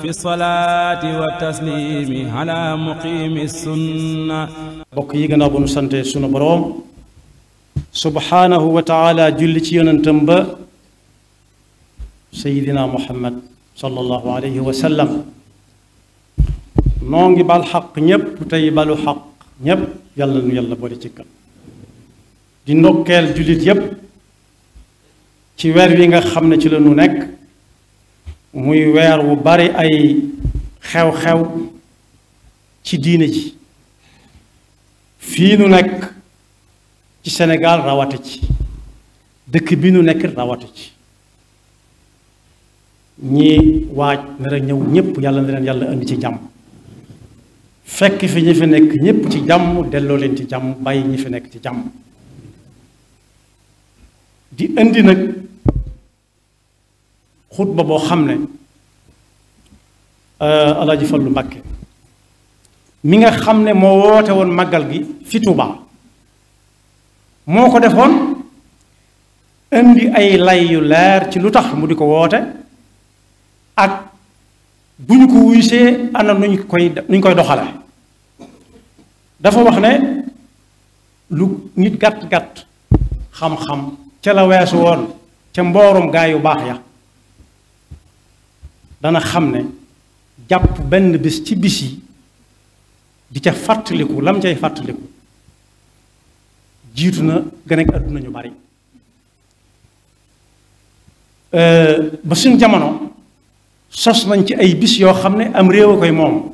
fi salaati wa yi gannaaw ba nu sante sunu boroom subhaanahu wa taala julli ci yonentam ba sayidina muhammad sallallahu alayhi wa sallam noo ngi bal xaq ñépp tey balu xaq ñépp yàlla nu yàlla boole ci kan di ndokkeel jullit yépp ci weer wi nga xam ne ci la nu nekk muy weer wu bari ay xew-xew ci diine ji fii nu nekk ci Sénégal rawate ci dëkk bii nu nekk rawate ci ñi waaj nar a ñëw ñépp yàlla na leen yàlla indi ci jàmm fekk fi ñi fi nekk ñépp ci jàmm delloo leen ci jàmm bàyyi ñi fi nekk ci jàmm di indi nag xut ba boo xam ne euh, alaaji Fallu Mbàkke mi nga xam ne moo woote woon màggal gi fi Tuubaa moo ko defoon indi ay lay yu leer ci lu tax mu di ko woote ak bu ñu ko wuysee ana nuñ koy nuñ koy doxale dafa wax ne lu nit gàtt-gàtt xam-xam ca la woon ca mboorum gaa yu baax ya dana xam ne jàpp benn bis ci bis yi di ca fàttaliku lam cay fàttaliku jiitu na gën ak àdduna ñu bari euh, ba suñ jamono sos nañ ci ay bis yoo xam ne am réew koy moom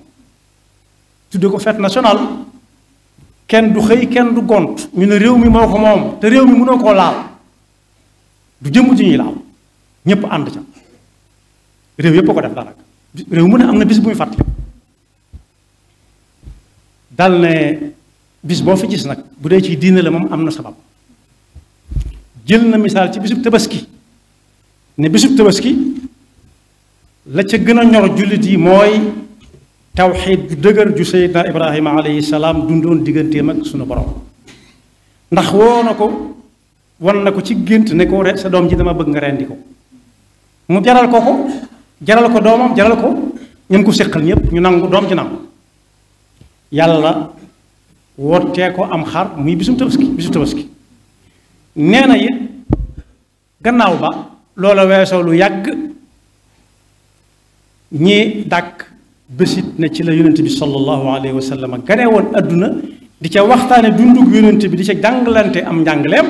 tudde ko fête nationale kenn du xëy kenn du gont ñu ne réew mi moo ko moom te réew mi mënoo koo laal du jëmm ji ñuy laal ñépp ànd ca réew yëpp ko def daanaka réew mu ne am na bis bu muy fàttali dal ne bis boo fi gis nag bu dee ci diine la moom am na sabab jël na misaal ci bisub tabaski ne bisub tabaski la ca gën a ñor jullit yi mooy tawxiid ju dëgër ju seydna ibrahima alayhi salaam dundoon digganteem ak sunu borom ndax woo na ko wan na ko ci gént ne ko sa doom ji dama bëgg nga rendi ko mu jaral ko ko jaral ko doomam jaral ko ñam ko séqal ñëpp ñu nangu doom ci nangu yàlla wotee ko am xar muy bisum tabaski bisum tabaski nee na it gannaaw ba loola weesoo lu yàgg ñi dàkk bésit na ci la yonent bi sallallahu alayhi wa sallam gane woon adduna di ca waxtaane dundug yonent bi di ca jàngalante am njàngaleem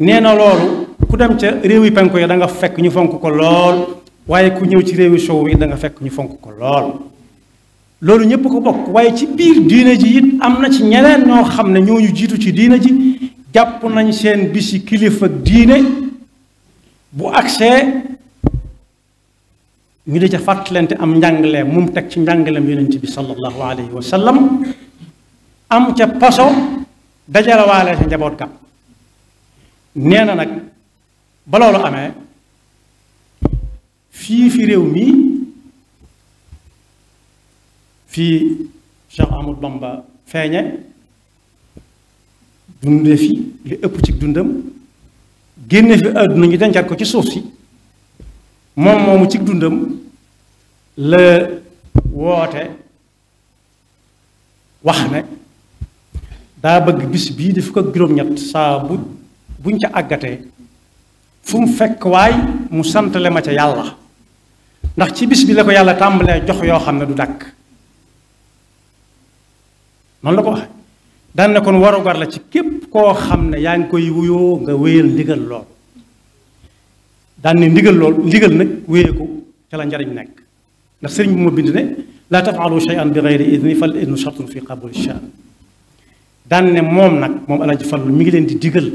nee na loolu ku dem ca réew yi penko yi da fekk ñu fonk ko lool waaye ku ñëw ci réewi sow yi danga fekk ñu fonk ko lool loolu ñëpp ko bokk waaye ci biir diina ji it am na ci ñeneen ñoo xam ne ñooñu jiitu ci diina ji jàpp nañ seen bis bisi kilifa ak diine bu agsee ñu di ca fàttalante am njàngale mum teg ci njàngalem yonent bi sallallahu alayhi wa sallam am ca poso dajalawaale sa njaboot ga nee na nag ba loolu amee fii fi réew mii fii Cheikh Ahmadou Bamba feeñe dunde fi li ëpp ci dundam génne fi àdduna ñu dencaat ko ci suuf si moom moomu ci dundam la woote wax ne daa bëgg bis bii di ko ak juróom-ñett saa bu buñ ca àggatee fu mu fekk waay mu santale ma ca yàlla ndax ci bis bi la ko yàlla tàmbalee jox yoo xam ne du dàkk noonu la ko wax daan kon warugar la ci képp koo xam ne yaa ngi koy wuyoo nga wéyal ndigal lool daan ne ndigal lool ndigal nag wéye ko ca la njariñ nekk ndax sëriñ bi ma bind ne laa tafaalu shay'an bi gayri idni fal idnu shartun fi qabul shan daan ne moom nag moom Alaaji Fallu mi ngi leen di digal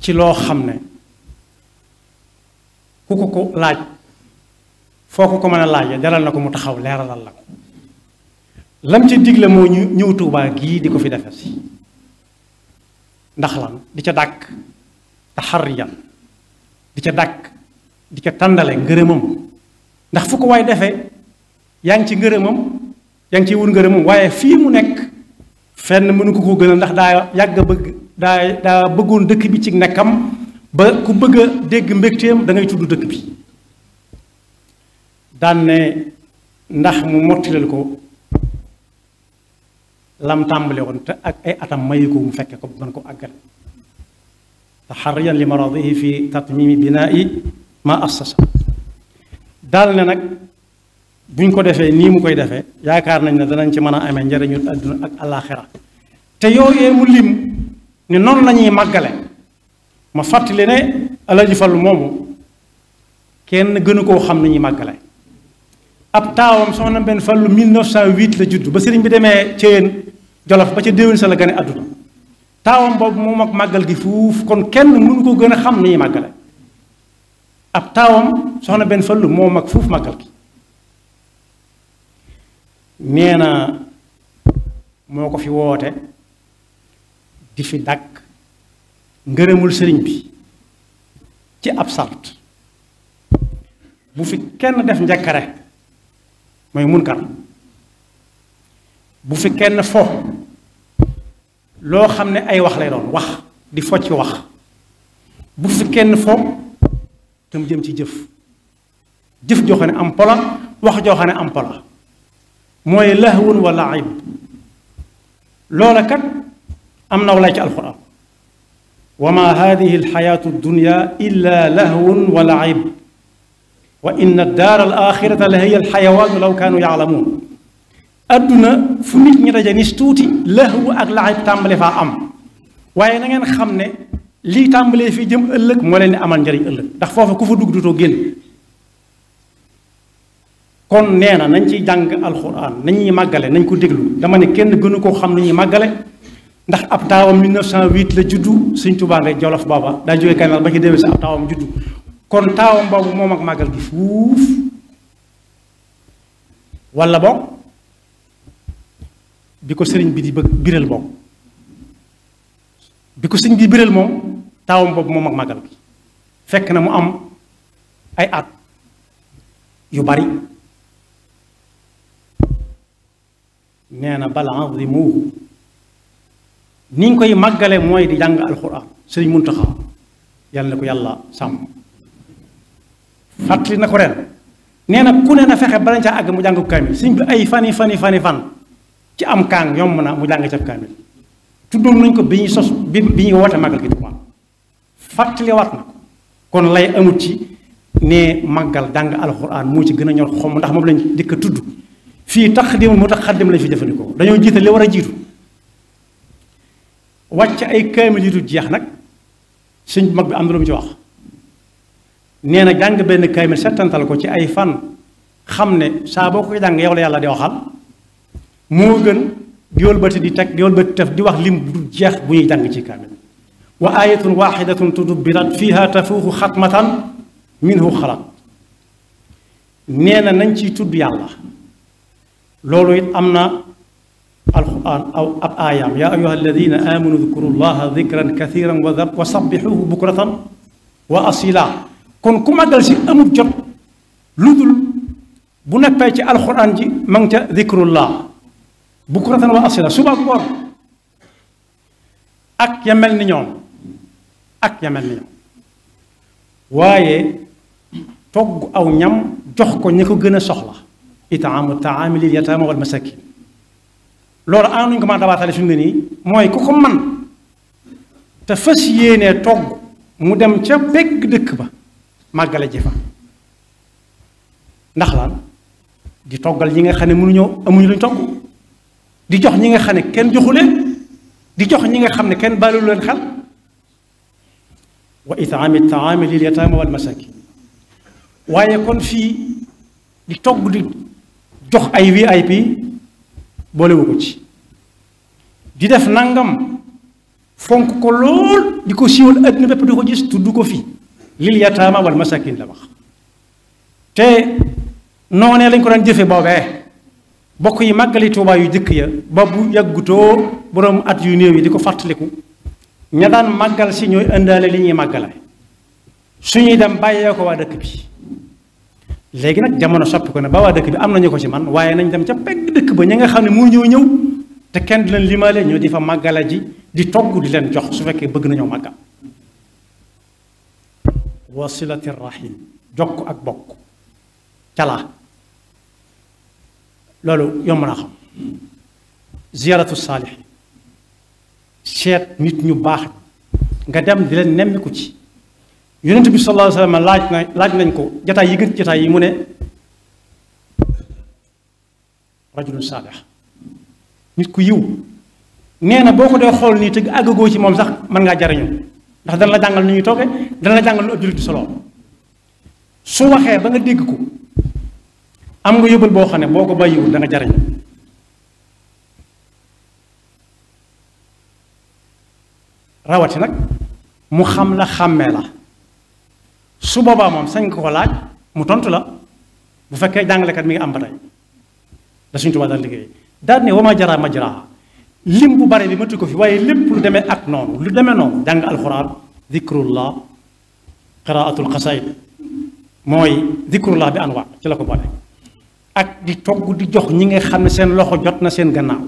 ci loo xam ne ku ko ko laaj foo ko ko mën a laajee jaral na ko mu taxaw leeralal la ko lam ci digle moo ñu ñëw Tuubaa gii di ko fi defe si ndax lan di ca dàkk taxarriyan di ca dàkk di ca tàndale ngërëmam ndax fu ko waay defee yaa ngi ci ngërëmam yaa ngi ciy wut ngërëmam waaye fii mu nekk fenn mënu ko ko gënal ndax daa yàgg a bëgg daa daa bëggoon dëkk bi ci nekkam ba ku bëgg a dégg mbégteem dangay ngay tudd dëkk bi daan ne ndax mu mottilal ko lam tàmbale woon te ak ay atam mayi ko mu fekke ko bu mën ko àggal taxariyan li maradihi fi tatmimi binaa'i ma assasa daal ne nag buñ ko defee nii mu koy defee yaakaar nañ ne danañ ci mën a amee njariñu àdduna ak àllaaxira te yooyee mu lim ne noonu lañuy màggale ma fàttali ne Alaaji Fallu moomu kenn gënu koo xam ni ñuy màggale ab taawam soxna benn lu Fallu 1908 la judd ba sëriñ bi demee Ceyeen Jolof ba ca déwén sa la gane àdduna taawam boobu moom ak màggal gi fuuf kon kenn mënu koo gën a xam ni ñuy màggale ab taawam soxna benn Fallu moom ak fuuf màggal gi nee na moo ko fi woote di fi dàkk ngërëmul sëriñ bi ci ab sart bu fi kenn def njàkkare mooy munkar bu fi kenn fo loo xam ne ay wax lay doon wax di fo ci wax bu fi kenn fo te mu jëm ci jëf jëf joo ne am pola wax joo xam ne am pola mooy lahwun wala ayib loola kat am naw lay ci alxuraan wa ma hadihi alxayaatu dunya illa lahwun wa laib wa inna daar al la hiya alxayawaanu law kaanu yaalamuun adduna fu nit ñi daje nis tuuti lahwu ak laib tàmbale faa am waaye na xam ne lii tàmbalee fii jëm ëllëg moo leen di amal njariñ ëllëg ndax foofa ku fa dugg dutoo génn kon nee na nañ ciy jàng alxuraan nañuy màggale nañ ko déglu dama ne kenn gënu koo xam lu ñuy ndax ab taawam 1908 la juddu Sëñ Tuubaa ngay Jolof booba daa jógee Gànnaar ba ci déwén sa ab taawam juddu kon taawam boobu moom ak màggal gi fuuf walla boog bi ko sëriñ bi di bëgg biral boog bi ko sëriñ bi biral moom taawam boobu moom ak màggal gi fekk na mu am ay at yu bari nee na bal azimuhu niñ koy màggale mooy di jàng alxuraan sëriñ Muntaxa yàlla na ko yàlla sàmm fàttali na ko ren nee na ku ne na fexe bala caa àgg mu jàng ko kaamil sëriñ bi ay fani fani fani fan ci am kaang yomb na mu jàng ca kaamil tuddoon nañ ko bi ñuy sos bi bi ñuy woote màggal gi Tuubaa fàttaliwaat na ko kon lay amut ci ne màggal jàng alxuraan moo ci gën a ñor xom ndax moom lañ dëkk tudd fii tax demul moo tax xaddim lañ fi jëfandikoo dañoo jiital li war a jiitu wàcc ay kaamil yu dul jeex nag sëñ bu mag bi am na lu mu ci wax nee na jàng benn kaamil settantal ko ci ay fan xam ne saa boo koy jàng yow la yàlla di waxal moo gën di wëlbati di teg di wëlbati taf di wax lim du jeex bu ñuy jàng ci kaamil wa ayatun waxidatun tudubbirat fiha tafuuxu xatmatan minhu xalaat nee na nañ ciy tudd yàlla loolu it am na alquran aw ab aayaam yaa ayuha alladina amanu dkuru llaha dikran kathiran wa sabbixuhu bukratan wa asila kon ku màggal si amul jot lu dul bu nekkee ci alquran ji ma ngi ca dikrullah bukratan wa asila suba ak ngoon ak ya mel ni ñoom ak ya mel ni ñoom waaye togg aw ñam jox ko ña ko gën a soxla itaamu taami lil yataama wal masakin loolu ana nuñ ko mën a dabaatale suñu nii mooy ku ko man te fas yéenee togg mu dem ca pegg dëkk ba màggale ji fa ndax lan di toggal ñi nga xam ne mënuñoo amuñu luñ togg di jox ñi nga xam ne kenn joxu leen di jox ñi nga xam ne kenn bàllilu leen xel wa itaami taami lil yataama wal masakin waaye kon fii di togg di jox ay VIP boolewu ko ci di def nangam fonk ko lool di ko siiwal na bépp di ko gis tudd ko fi lil yataama wal masakin la wax te noonee lañ ko daan jëfe boobee bokk yi màggali Tuubaa yu jëkk ya ba bu yàggutoo borom at yu néew yi di ko fàttaliku ña daan màggal si ñooy indaale li ñuy màggale suñuy dem bàyyee ko waa dëkk bi léegi nag jamono soppi ko ne ba waa dëkk bi am nañu ko ci man waaye nañ dem ca pegg dëkk ba ñu nga xam ne moo ñëw ñëw te kenn du leen limaale ñoo di fa màggala ji di togg di leen jox su fekkee bëgg nañoo màggal wasilati rahim jokk ak bokk calaa loolu yomb naa xam ziyaaratu seet nit ñu baax nga dem di leen nemmiku ci yonent bi sallallahu alayhi wa laaj na laaj nañ ko jataay yi gën jataay yi mu ne rajulun saalih nit ku yiw nee na boo ko dee xool nii te àggagoo ci moom sax mën ngaa jariñu ndax dana la jàngal nu ñuy tooge dana la jàngal lu ab jullit su waxee ba nga dégg ko am nga yóbbal boo xam ne boo ko bàyyiwul da nga jariñu rawati nag mu xam la xàmmee la su boobaa moom sañ ko ko laaj mu tontu la bu fekkee jàngalekat mi ngi am ba tey da suñ tubaab daal liggéey daal ne wama jaraa ma jaraa lim bu bare bi ma tudd ko fi waaye lépp lu demee ak noonu lu demee noonu jàng alxuraan zikrullah qiraatul xasaid mooy zikrullah bi anwa ci la ko boole di togg di jox ñi ngay xam ne seen loxo jot na seen gannaaw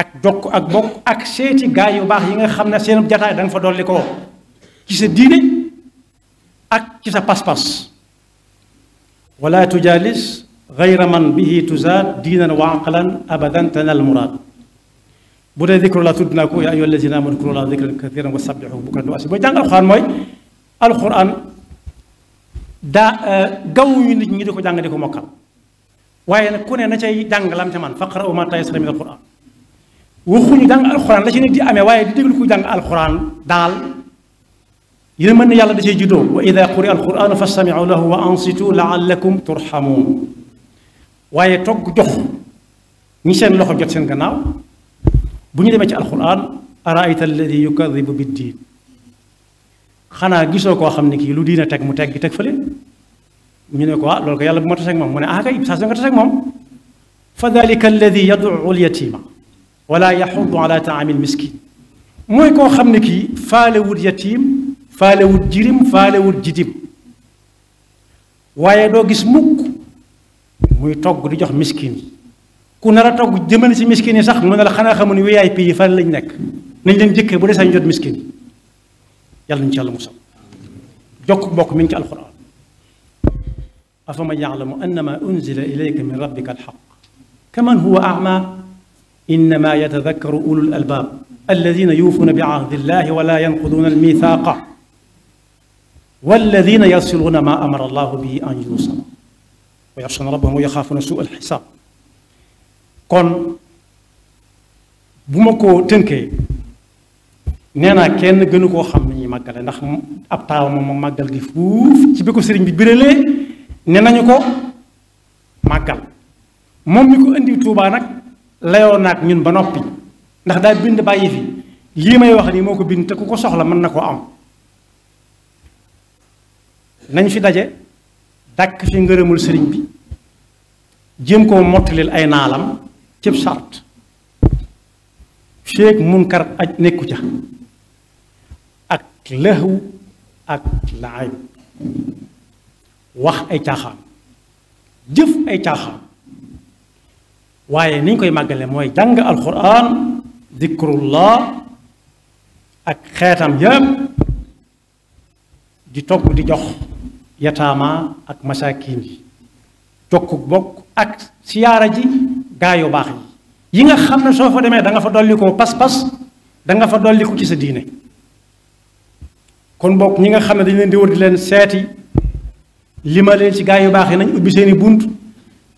ak jokk ak bokk ak seeti gaay yu baax yi nga xam ne seen jataay da nga fa dolli ko ci sa diine ak ci sa pas-pas wala tujaalis gayra man bihi tuzaad diina wa aqlan abadan tanal muraad bu dee dikru la tudd naa ko yaa ayyuha allazina amanu udkuru llaha dikran kathiran ko jàng di waaye nag ku ne na cay jàng lam man faqra'u maa tayassara min di amee waaye di déglu ku jàng alxuraan daal yërmande yàlla da cee juddoo wa ida quri al quranu fastamiu lahu wa ansitu laallakum turhamuun waaye togg jox ñi seen loxo jot seen gannaaw bu ñu demee ci alquran araayta alladi yukadibu biddiin xanaa gisoo koo xam ne kii lu a teg mu teg gi teg fële ñu ne ko ah loolu ko yàlla bu ma taseeg moom mu ne ah kay saa su nga taseeg moom fa dalika alladi yaduu lyatima wala yaxudu ala taamil miskin mooy koo xam ne kii faale wut yatim faalewut jirim faalewut jitim waaye doo gis mukk muy togg di jox miskin yi ku nar a togg jëmale si miskin yi sax mën na la xanaa xamu ne VIP yi fan lañ nekk nañ leen jëkkee bu dee sañ jot miskin yi yàlla nañu ci yàlla musal jokk mbokk mi ngi ci alquran afama yalamu annama unzila ilayka min rabbika alxaq kaman huwa ama innama yatadakkaru ulul albaab alladina yuufuuna bi ahdillahi wala yanquduuna almithaqa walladina yasiluuna ma amara allahu bi an yuusal wa yaxshawna rabbahum wa yaxaafuuna suu al kon bu ma ko tënkee nee naa kenn gënu koo xam ni ñuy màggale ndax ab taaw moom moom màggal gi fuuf ci bi ko sëriñ bi biralee ne nañu ko màggal moom mi ko indi tuubaa nag layoo naag ñun ba noppi ndax daa bind bàyyi fi lii may wax nii moo ko bind te ku ko soxla mën na koo am nañ fi daje dàkk fi ngërëmul sëriñ bi jéem koo mottalil ay naalam cib sart feek munkar aj nekku ca ak lëxw ak laayb wax ay caaxaan jëf ay caaxaan waaye niñ koy màggale mooy jàng alquran dikrullah ak xeetam yépp di togg di jox yataama ak masaakin yi jokku bokk ak siyaara ji gaa yu baax yi yi nga xam ne soo fa demee da nga fa dollikoo pas-pas da nga fa dolliku ci sa diine kon bokk ñi nga xam ne dañ leen di wër di leen seeti li ma leen ci gaa yu baax yi nañ ubbi seeni bunt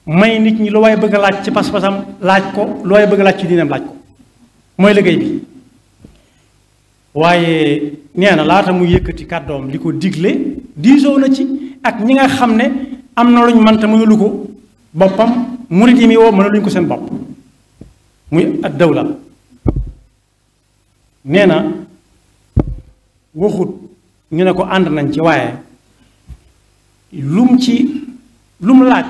may nit ñi lu waay bëgg a laaj ci pas-pasam laaj ko lu waay bëgg laaj ci diinam laaj ko mooy liggéey bi waaye nee na laata mu yëkkati kàddoom li ko digle diisoo na ci ak ñi nga xam ne am na luñ mënta mënalu ko boppam murit yi mi woo mënaluñ ko seen bopp muy ak dawla nee na waxut ñu ne ko ànd nañ ci waaye lum ci lum laaj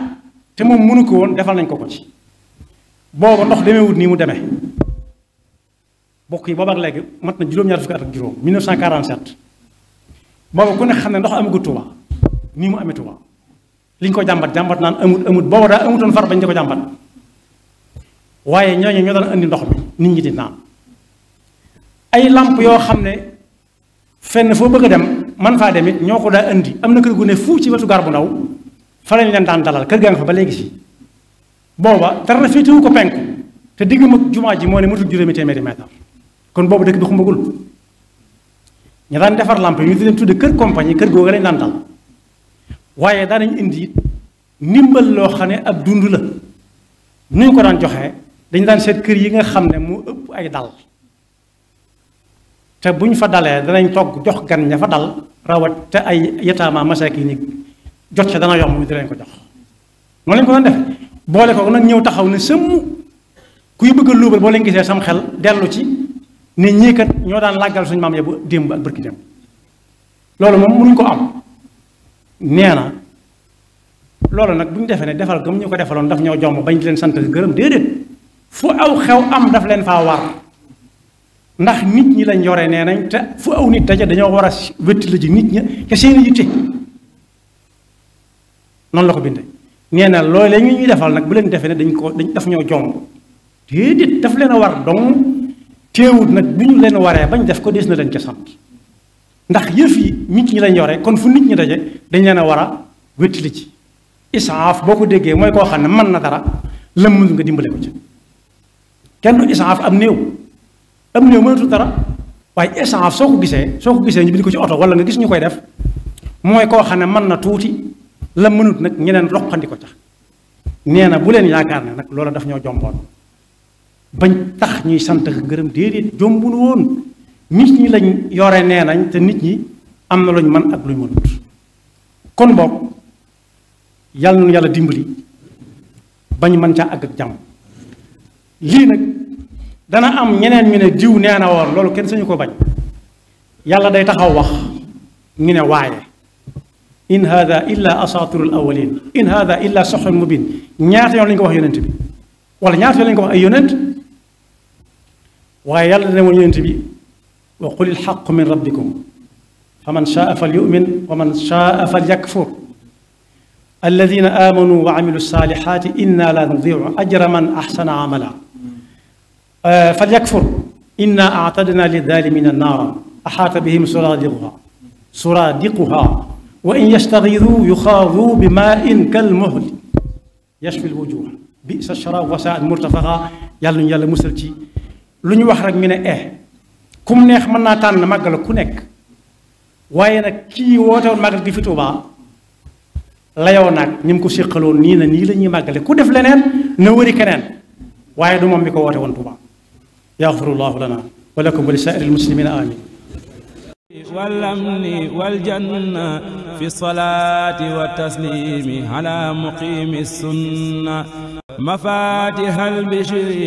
te moom mënu ko woon defal nañ ko ko ci booba ndox demewut nii mu demee bokk yi boobaak léegi mat na juróom-ñaar fukki at ak juróom 1947 booba ku ne xam ne ndox amagu Touba nii mu amee Touba li ko jàmbat jàmbat naan amut amut booba daa amutoon far bañ di ko jàmbat waaye ñooñu ñoo doon andi ndox mi nit ñi di naan ay làmp yoo xam ne fenn foo bëgg a dem man faa dem ñoo ko daa andi am na kër gu ne fuu ci wetu gaar bu ndaw fa leen daan dalal kër gaa nga fa ba léegi si booba dara féetewu ko penku te digg mag jumaa ji moo ne matul juróomi téeméeri mètre kon boobu dëkk bi xumbagul ñu daan defar lamp yi ñu leen tudde kër compagnie kër googu lañ daan dal waaye daanañ indi ndimbal loo xam ne ab dund la nu ñu ko daan joxe dañu daan seet kër yi nga xam ne moo ëpp ay dal te bu ñu fa dalee danañ togg jox gan ña fa dal rawat te ay yataama masaki ni jot ca dana yomb di leen ko jox noonu lañ ko doon def boole ko nag ñëw taxaw ne sëmm kuy bëgg a luubal boo leen gisee sam xel dellu ci ne ñii kat ñoo daan làggal suñu maam ya bu démb ak bërki dem loolu moom mënuñ ko am nee na loolu nag bu ñu defee ne defal gëm ñu ko defaloon daf ñoo jomb bañ di leen sant gërëm déedéet fu aw xew am daf leen faa ndax nit ñi lañ yore nee nañ te fu aw nit daje dañoo war a wétti la ji nit ñi te seeni yitte noonu la ko bindee ñuy defal nag bu leen defee ne dañ ko dañ daf ñoo jomb déedéet daf leen a war dong teewut nag bu ñu leen waree bañ def ko des na leen ca ki ndax yëf yi nit ñi lañ yore kon fu nit ñi daje dañ leen a war a wéttali ci isaaf boo ko déggee mooy koo xam ne man na dara lam mënul nga dimbale ko ci kenn du am néew am néew mënatul dara waaye isaaf soo ko gisee soo ko gisee ñu bind ko ci oto wala nga gis ñu koy def mooy koo xam ne mën na tuuti la mënut nag ñeneen roqandi ko tax nee na bu leen yaakaar ne nag loola daf ñoo jomboon bañ tax ñuy sant ak gërëm déedéet jombul woon nit ñi lañ yore nee nañ te nit ñi am na ñu man ak luñ mënut kon boog yàlla nañu yàlla dimbali bañ mën caa àgg ak jàmm lii nag dana am ñeneen ñu ne diw nee na woon loolu kenn sañu ko bañ yàlla day taxaw wax ñu ne waaye in hada illa asatirul awalin in hada illa soxrun mubin ñaata yoon lañu ko wax yonent bi wala ñaata yoon lañu ko wax ay yonent waaye yàlla dana woon yonent bi wa qulil xaqu min rabbikum fa man shaa fal yumin wa man shaa fal yakfur alladina amanu wa amilu salihaati inna la nudiu ajra man axsana amala fal yakfur inna aatadna lidalimina naara axaata bihim suraadiquha suraadiquha wa in yastaxidu yuxaadu bi maain kalmohli yashfi lwujuh bisa sharaab wa saat murtafaqa yàlla ñu yàlla musal ci lu ñu wax rek ñu ne eh ku mu neex mën naa na tànn la ku nekk waaye nag kii woote woon màggal gi fi Tuubaa layoo nag ñu ko séqaloon nii na nii lañuy ñuy màggale ku def leneen na wëri keneen waaye du moom mi ko woote woon Tuubaa yaxfirullahu lana wa lakum wa li saa'iril muslimiina amin والأمن والجنة في الصلاة والتسليم على مقيم السنة مفاتح البشر